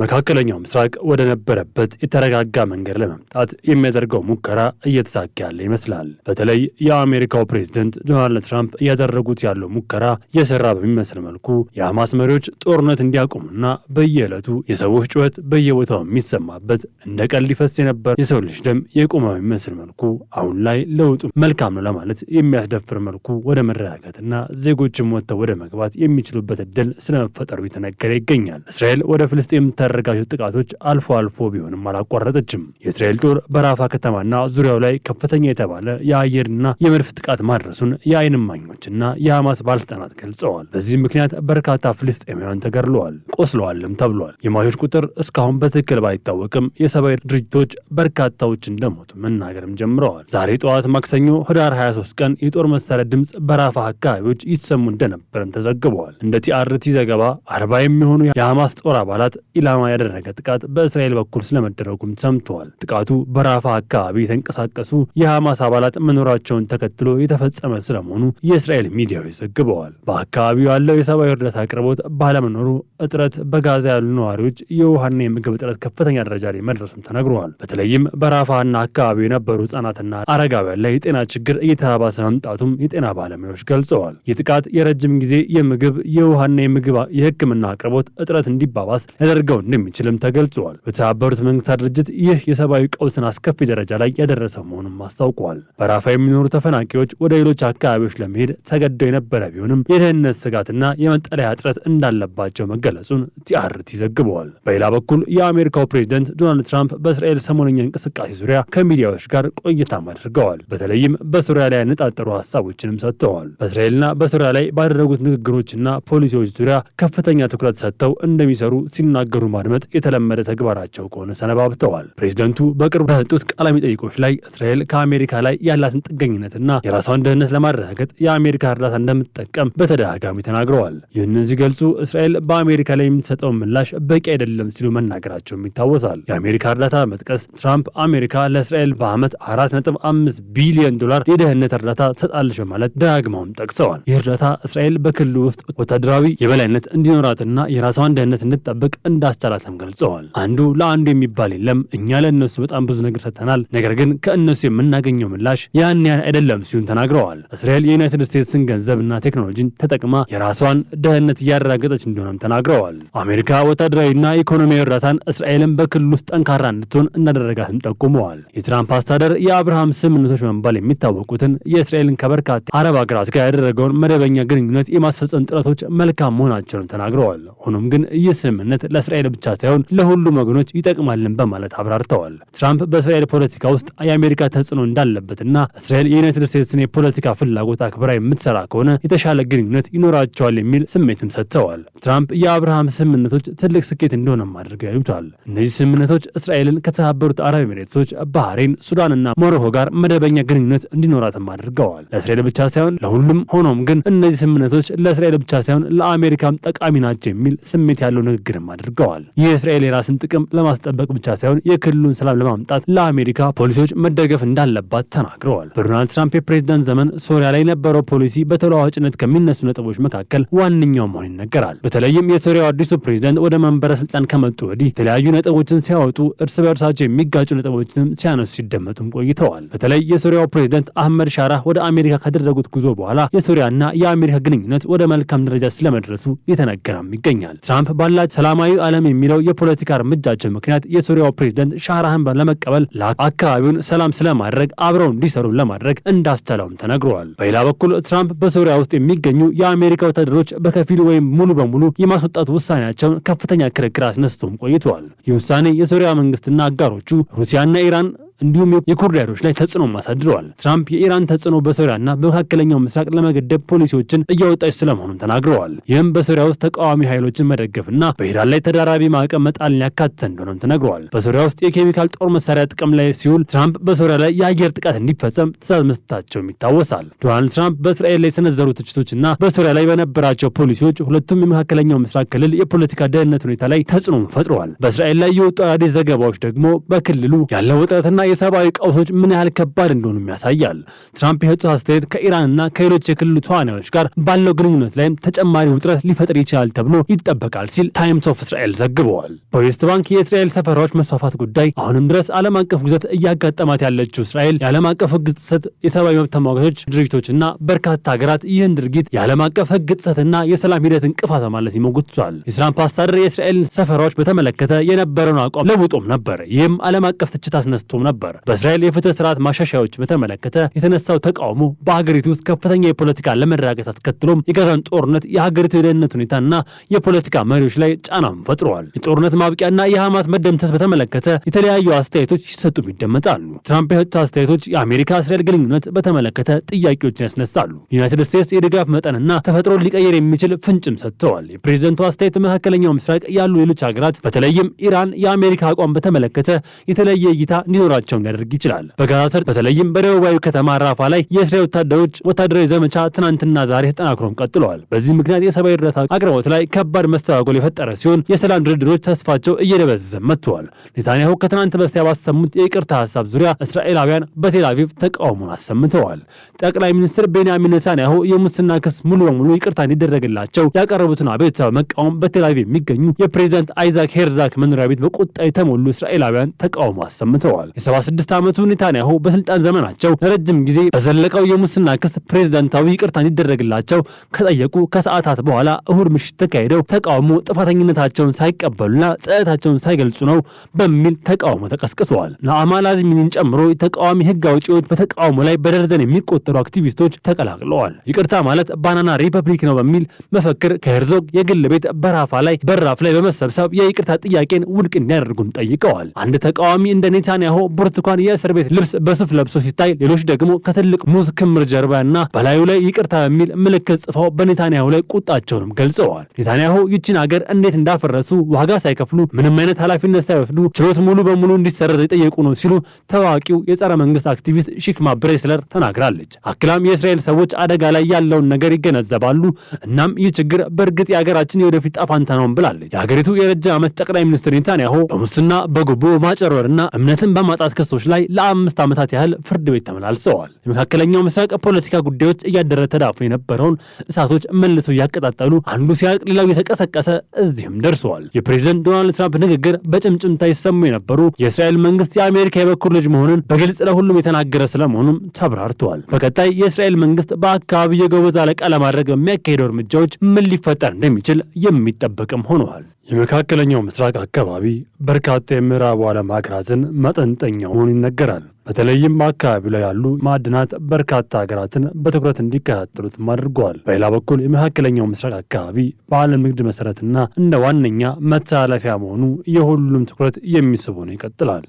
መካከለኛው ምስራቅ ወደ ነበረበት የተረጋጋ መንገድ ለመምጣት የሚያደርገው ሙከራ እየተሳካ ያለ ይመስላል። በተለይ የአሜሪካው ፕሬዝደንት ዶናልድ ትራምፕ እያደረጉት ያለው ሙከራ የሰራ በሚመስል መልኩ የሐማስ መሪዎች ጦርነት እንዲያቆሙና በየዕለቱ የሰዎች ጩኸት በየቦታው የሚሰማበት እንደ ቀል ሊፈስ የነበር የሰው ልጅ ደም የቆመ በሚመስል መልኩ አሁን ላይ ለውጡ መልካም ነው ለማለት የሚያስደፍር መልኩ ወደ መረጋጋትና ዜጎችም ወጥተው ወደ መግባት የሚችሉበት እድል ስለመፈጠሩ የተነገረ ይገኛል። እስራኤል ወደ ፍልስጤም ተደረጋዊ ጥቃቶች አልፎ አልፎ ቢሆንም አላቋረጠችም። የእስራኤል ጦር በራፋ ከተማና ዙሪያው ላይ ከፍተኛ የተባለ የአየርና የመድፍ ጥቃት ማድረሱን የአይን እማኞችና የሐማስ ባለስልጣናት ገልጸዋል። በዚህም ምክንያት በርካታ ፍልስጤማውያን ተገድለዋል፣ ቆስለዋልም ተብሏል። የሟቾች ቁጥር እስካሁን በትክክል ባይታወቅም የሰብአዊ ድርጅቶች በርካታዎች እንደሞቱ መናገርም ጀምረዋል። ዛሬ ጠዋት ማክሰኞ ህዳር 23 ቀን የጦር መሳሪያ ድምፅ በራፋ አካባቢዎች ይሰሙ እንደነበረም ተዘግበዋል። እንደ ቲአርቲ ዘገባ አርባ የሚሆኑ የሐማስ ጦር አባላት ኢላ ኢላማ ያደረገ ጥቃት በእስራኤል በኩል ስለመደረጉም ሰምተዋል። ጥቃቱ በራፋ አካባቢ የተንቀሳቀሱ የሐማስ አባላት መኖራቸውን ተከትሎ የተፈጸመ ስለመሆኑ የእስራኤል ሚዲያዎች ዘግበዋል። በአካባቢው ያለው የሰብአዊ እርዳታ አቅርቦት ባለመኖሩ እጥረት በጋዛ ያሉ ነዋሪዎች የውሃና የምግብ እጥረት ከፍተኛ ደረጃ ላይ መድረሱም ተነግረዋል። በተለይም በራፋና አካባቢው የነበሩ ህጻናትና አረጋውያን ላይ የጤና ችግር እየተባባሰ መምጣቱም የጤና ባለሙያዎች ገልጸዋል። ይህ ጥቃት የረጅም ጊዜ የምግብ የውሃና የምግብ የህክምና አቅርቦት እጥረት እንዲባባስ ያደርገው ሊሆን እንደሚችልም ተገልጿል። በተባበሩት መንግስታት ድርጅት ይህ የሰብአዊ ቀውስን አስከፊ ደረጃ ላይ የደረሰ መሆኑም አስታውቋል። በራፋ የሚኖሩ ተፈናቂዎች ወደ ሌሎች አካባቢዎች ለመሄድ ተገደው የነበረ ቢሆንም የደህንነት ስጋትና የመጠለያ እጥረት እንዳለባቸው መገለጹን ቲአርቲ ዘግበዋል። በሌላ በኩል የአሜሪካው ፕሬዚደንት ዶናልድ ትራምፕ በእስራኤል ሰሞነኛ እንቅስቃሴ ዙሪያ ከሚዲያዎች ጋር ቆይታም አድርገዋል። በተለይም በሱሪያ ላይ ያነጣጠሩ ሀሳቦችንም ሰጥተዋል። በእስራኤልና በሱሪያ ላይ ባደረጉት ንግግሮችና ፖሊሲዎች ዙሪያ ከፍተኛ ትኩረት ሰጥተው እንደሚሰሩ ሲናገሩ ማድመጥ የተለመደ ተግባራቸው ከሆነ ሰነባብተዋል። ፕሬዚደንቱ በቅርቡ በሰጡት ቃለ መጠይቆች ላይ እስራኤል ከአሜሪካ ላይ ያላትን ጥገኝነትና የራሷን ደህንነት ለማረጋገጥ የአሜሪካ እርዳታ እንደምትጠቀም በተደጋጋሚ ተናግረዋል። ይህንን ሲገልጹ እስራኤል በአሜሪካ ላይ የምትሰጠውን ምላሽ በቂ አይደለም ሲሉ መናገራቸውም ይታወሳል። የአሜሪካ እርዳታ መጥቀስ ትራምፕ አሜሪካ ለእስራኤል በዓመት አራት ነጥብ አምስት ቢሊዮን ዶላር የደህንነት እርዳታ ትሰጣለች በማለት ደጋግመውም ጠቅሰዋል። ይህ እርዳታ እስራኤል በክልሉ ውስጥ ወታደራዊ የበላይነት እንዲኖራትና የራሷን ደህንነት እንድትጠብቅ እንዳስ ማስጠላትም ገልጸዋል። አንዱ ለአንዱ የሚባል የለም። እኛ ለእነሱ በጣም ብዙ ነገር ሰጥተናል፣ ነገር ግን ከእነሱ የምናገኘው ምላሽ ያን ያን አይደለም ሲሉም ተናግረዋል። እስራኤል የዩናይትድ ስቴትስን ገንዘብና ቴክኖሎጂን ተጠቅማ የራሷን ደህንነት እያረጋገጠች እንደሆነም ተናግረዋል። አሜሪካ ወታደራዊና ኢኮኖሚያዊ እርዳታን እስራኤልን በክልሉ ውስጥ ጠንካራ እንድትሆን እንዳደረጋትም ጠቁመዋል። የትራምፕ አስተዳደር የአብርሃም ስምምነቶች በመባል የሚታወቁትን የእስራኤልን ከበርካታ አረብ ሀገራት ጋር ያደረገውን መደበኛ ግንኙነት የማስፈጸም ጥረቶች መልካም መሆናቸውንም ተናግረዋል። ሆኖም ግን ይህ ስምምነት ለእስራኤል ለእስራኤል ብቻ ሳይሆን ለሁሉም ወገኖች ይጠቅማልን በማለት አብራርተዋል። ትራምፕ በእስራኤል ፖለቲካ ውስጥ የአሜሪካ ተጽዕኖ እንዳለበትና እስራኤል የዩናይትድ ስቴትስን የፖለቲካ ፍላጎት አክብራ የምትሰራ ከሆነ የተሻለ ግንኙነት ይኖራቸዋል የሚል ስሜትም ሰጥተዋል። ትራምፕ የአብርሃም ስምምነቶች ትልቅ ስኬት እንደሆነም አድርገው ያዩቷል። እነዚህ ስምምነቶች እስራኤልን ከተባበሩት አረብ ኤሚሬቶች፣ ባህሬን፣ ሱዳንና ሞሮኮ ጋር መደበኛ ግንኙነት እንዲኖራትም አድርገዋል። ለእስራኤል ብቻ ሳይሆን ለሁሉም። ሆኖም ግን እነዚህ ስምምነቶች ለእስራኤል ብቻ ሳይሆን ለአሜሪካም ጠቃሚ ናቸው የሚል ስሜት ያለው ንግግርም አድርገዋል። ተናግረዋል። ይህ እስራኤል የራስን ጥቅም ለማስጠበቅ ብቻ ሳይሆን የክልሉን ሰላም ለማምጣት ለአሜሪካ ፖሊሲዎች መደገፍ እንዳለባት ተናግረዋል። በዶናልድ ትራምፕ የፕሬዝዳንት ዘመን ሶሪያ ላይ የነበረው ፖሊሲ በተለዋዋጭነት ከሚነሱ ነጥቦች መካከል ዋነኛው መሆን ይነገራል። በተለይም የሶሪያው አዲሱ ፕሬዝዳንት ወደ መንበረ ስልጣን ከመጡ ወዲህ የተለያዩ ነጥቦችን ሲያወጡ፣ እርስ በእርሳቸው የሚጋጩ ነጥቦችንም ሲያነሱ ሲደመጡም ቆይተዋል። በተለይ የሶሪያው ፕሬዝዳንት አህመድ ሻራ ወደ አሜሪካ ካደረጉት ጉዞ በኋላ የሶሪያና የአሜሪካ ግንኙነት ወደ መልካም ደረጃ ስለመድረሱ የተነገረም ይገኛል። ትራምፕ ባላቸው ሰላማዊ ዓለም አይደለም የሚለው የፖለቲካ እርምጃቸው ምክንያት የሱሪያው ፕሬዝደንት ሻራህን ለመቀበል አካባቢውን ሰላም ስለማድረግ አብረው እንዲሰሩ ለማድረግ እንዳስቻለውም ተነግረዋል። በሌላ በኩል ትራምፕ በሱሪያ ውስጥ የሚገኙ የአሜሪካ ወታደሮች በከፊል ወይም ሙሉ በሙሉ የማስወጣት ውሳኔያቸውን ከፍተኛ ክርክር አስነስቶም ቆይተዋል። ይህ ውሳኔ የሱሪያ መንግስትና አጋሮቹ ሩሲያና ኢራን እንዲሁም የኩርድ ኃይሎች ላይ ተጽዕኖ አሳድረዋል። ትራምፕ የኢራን ተጽዕኖ በሶሪያና በመካከለኛው ምስራቅ ለመገደብ ፖሊሲዎችን እያወጣች ስለመሆኑም ተናግረዋል። ይህም በሶሪያ ውስጥ ተቃዋሚ ኃይሎችን መደገፍና በኢራን ላይ ተደራራቢ ማዕቀብ መጣልን ያካተተ እንደሆነም ተነግረዋል። በሶሪያ ውስጥ የኬሚካል ጦር መሳሪያ ጥቅም ላይ ሲውል ትራምፕ በሶሪያ ላይ የአየር ጥቃት እንዲፈጸም ትእዛዝ መስጠታቸውም ይታወሳል። ዶናልድ ትራምፕ በእስራኤል ላይ የሰነዘሩ ትችቶችና በሶሪያ ላይ በነበራቸው ፖሊሲዎች ሁለቱም የመካከለኛው ምስራቅ ክልል የፖለቲካ ደህንነት ሁኔታ ላይ ተጽዕኖ ፈጥረዋል። በእስራኤል ላይ የወጡ አዳዲስ ዘገባዎች ደግሞ በክልሉ ያለው ውጥረትና የሰብአዊ ቀውሶች ምን ያህል ከባድ እንደሆኑም ያሳያል። ትራምፕ የሰጡት አስተያየት ከኢራንና ከሌሎች የክልሉ ተዋናዮች ጋር ባለው ግንኙነት ላይም ተጨማሪ ውጥረት ሊፈጥር ይችላል ተብሎ ይጠበቃል ሲል ታይምስ ኦፍ እስራኤል ዘግበዋል። በዌስት ባንክ የእስራኤል ሰፈራዎች መስፋፋት ጉዳይ አሁንም ድረስ ዓለም አቀፍ ግዘት እያጋጠማት ያለችው እስራኤል የዓለም አቀፍ ሕግ ጥሰት፣ የሰብአዊ መብት ተሟጋቾች ድርጅቶችና በርካታ ሀገራት ይህን ድርጊት የዓለም አቀፍ ሕግ ጥሰትና የሰላም ሂደት እንቅፋት ማለት ይሞግቱታል። የትራምፕ አስተዳደር የእስራኤልን ሰፈራዎች በተመለከተ የነበረውን አቋም ለውጦም ነበር። ይህም ዓለም አቀፍ ትችት አስነስቶም ነበር። ነበር። በእስራኤል የፍትህ ስርዓት ማሻሻያዎች በተመለከተ የተነሳው ተቃውሞ በሀገሪቱ ውስጥ ከፍተኛ የፖለቲካ ለመረጋጋት አስከትሎም የጋዛን ጦርነት፣ የሀገሪቱ የደህንነት ሁኔታና የፖለቲካ መሪዎች ላይ ጫናም ፈጥረዋል። የጦርነት ማብቂያና የሐማስ መደምሰስ በተመለከተ የተለያዩ አስተያየቶች ሲሰጡም ይደመጣሉ። ትራምፕ የሰጡት አስተያየቶች የአሜሪካ እስራኤል ግንኙነት በተመለከተ ጥያቄዎችን ያስነሳሉ። ዩናይትድ ስቴትስ የድጋፍ መጠንና ተፈጥሮን ሊቀየር የሚችል ፍንጭም ሰጥተዋል። የፕሬዚደንቱ አስተያየት መካከለኛው ምስራቅ ያሉ ሌሎች ሀገራት በተለይም ኢራን የአሜሪካ አቋም በተመለከተ የተለየ እይታ እንዲኖራቸው እንዲኖራቸውም ሊያደርግ ይችላል። በጋዛ ሰርጥ በተለይም በደቡባዊ ከተማ ራፋ ላይ የእስራኤል ወታደሮች ወታደራዊ ዘመቻ ትናንትና ዛሬ ተጠናክሮም ቀጥለዋል። በዚህ ምክንያት የሰብአዊ እርዳታ አቅርቦት ላይ ከባድ መስተጓጎል የፈጠረ ሲሆን የሰላም ድርድሮች ተስፋቸው እየደበዘዘ መጥተዋል። ኔታንያሁ ከትናንት በስቲያ ባሰሙት የይቅርታ ሀሳብ ዙሪያ እስራኤላውያን በቴላቪቭ ተቃውሞን አሰምተዋል። ጠቅላይ ሚኒስትር ቤንያሚን ኔታንያሁ የሙስና ክስ ሙሉ በሙሉ ይቅርታ እንዲደረግላቸው ያቀረቡትን አቤቱታ በመቃወም በቴላቪቭ የሚገኙ የፕሬዚዳንት አይዛክ ሄርዛክ መኖሪያ ቤት በቁጣ የተሞሉ እስራኤላውያን ተቃውሞ አሰምተዋል። 76 ዓመቱ ኔታንያሁ በስልጣን ዘመናቸው ረጅም ጊዜ በዘለቀው የሙስና ክስ ፕሬዝዳንታዊ ይቅርታ እንዲደረግላቸው ከጠየቁ ከሰዓታት በኋላ እሁድ ምሽት ተካሄደው ተቃውሞ ጥፋተኝነታቸውን ሳይቀበሉና ጸጥታቸውን ሳይገልጹ ነው በሚል ተቃውሞ ተቀስቅሰዋል። ናአማ ላዝሚኒን ጨምሮ የተቃዋሚ ሕግ አውጪዎች በተቃውሞ ላይ በደርዘን የሚቆጠሩ አክቲቪስቶች ተቀላቅለዋል። ይቅርታ ማለት ባናና ሪፐብሊክ ነው በሚል መፈክር ከሄርዞግ የግል ቤት በራፋ ላይ በራፍ ላይ በመሰብሰብ የይቅርታ ጥያቄን ውድቅ እንዲያደርጉም ጠይቀዋል። አንድ ተቃዋሚ እንደ ኔታንያሁ ብርቱካን የእስር ቤት ልብስ በሱፍ ለብሶ ሲታይ፣ ሌሎች ደግሞ ከትልቅ ሙዝ ክምር ጀርባ እና በላዩ ላይ ይቅርታ የሚል ምልክት ጽፈው በኔታንያሁ ላይ ቁጣቸውንም ገልጸዋል። ኔታንያሁ ይችን አገር እንዴት እንዳፈረሱ ዋጋ ሳይከፍሉ ምንም አይነት ኃላፊነት ሳይወስዱ ችሎት ሙሉ በሙሉ እንዲሰረዝ የጠየቁ ነው ሲሉ ታዋቂው የጸረ መንግስት አክቲቪስት ሺክማ ብሬስለር ተናግራለች። አክላም የእስራኤል ሰዎች አደጋ ላይ ያለውን ነገር ይገነዘባሉ፣ እናም ይህ ችግር በእርግጥ የሀገራችን የወደፊት ጣፋንታ ነውም ብላለች። የሀገሪቱ የረጅም ዓመት ጠቅላይ ሚኒስትር ኔታንያሁ በሙስና በጉቦ ማጨረርና እምነትን በማጣት በማጥቃት ክሶች ላይ ለአምስት ዓመታት ያህል ፍርድ ቤት ተመላልሰዋል። የመካከለኛው ምስራቅ ፖለቲካ ጉዳዮች እያደረ ተዳፍኖ የነበረውን እሳቶች መልሰው እያቀጣጠሉ አንዱ ሲያልቅ ሌላው እየተቀሰቀሰ እዚህም ደርሰዋል። የፕሬዚደንት ዶናልድ ትራምፕ ንግግር በጭምጭምታ ይሰሙ የነበሩ የእስራኤል መንግስት የአሜሪካ የበኩር ልጅ መሆኑን በግልጽ ለሁሉም የተናገረ ስለመሆኑም ተብራርተዋል። በቀጣይ የእስራኤል መንግስት በአካባቢ የጎበዝ አለቃ ለማድረግ በሚያካሄደው እርምጃዎች ምን ሊፈጠር እንደሚችል የሚጠበቅም ሆነዋል። የመካከለኛው ምስራቅ አካባቢ በርካታ የምዕራቡ ዓለም ሀገራትን መጠንጠኝ ከፍተኛ መሆኑ ይነገራል። በተለይም በአካባቢው ላይ ያሉ ማዕድናት በርካታ ሀገራትን በትኩረት እንዲከታተሉትም አድርገዋል። በሌላ በኩል የመካከለኛው ምስራቅ አካባቢ በዓለም ንግድ መሰረትና እንደ ዋነኛ መተላለፊያ መሆኑ የሁሉም ትኩረት የሚስብ ሆኖ ይቀጥላል።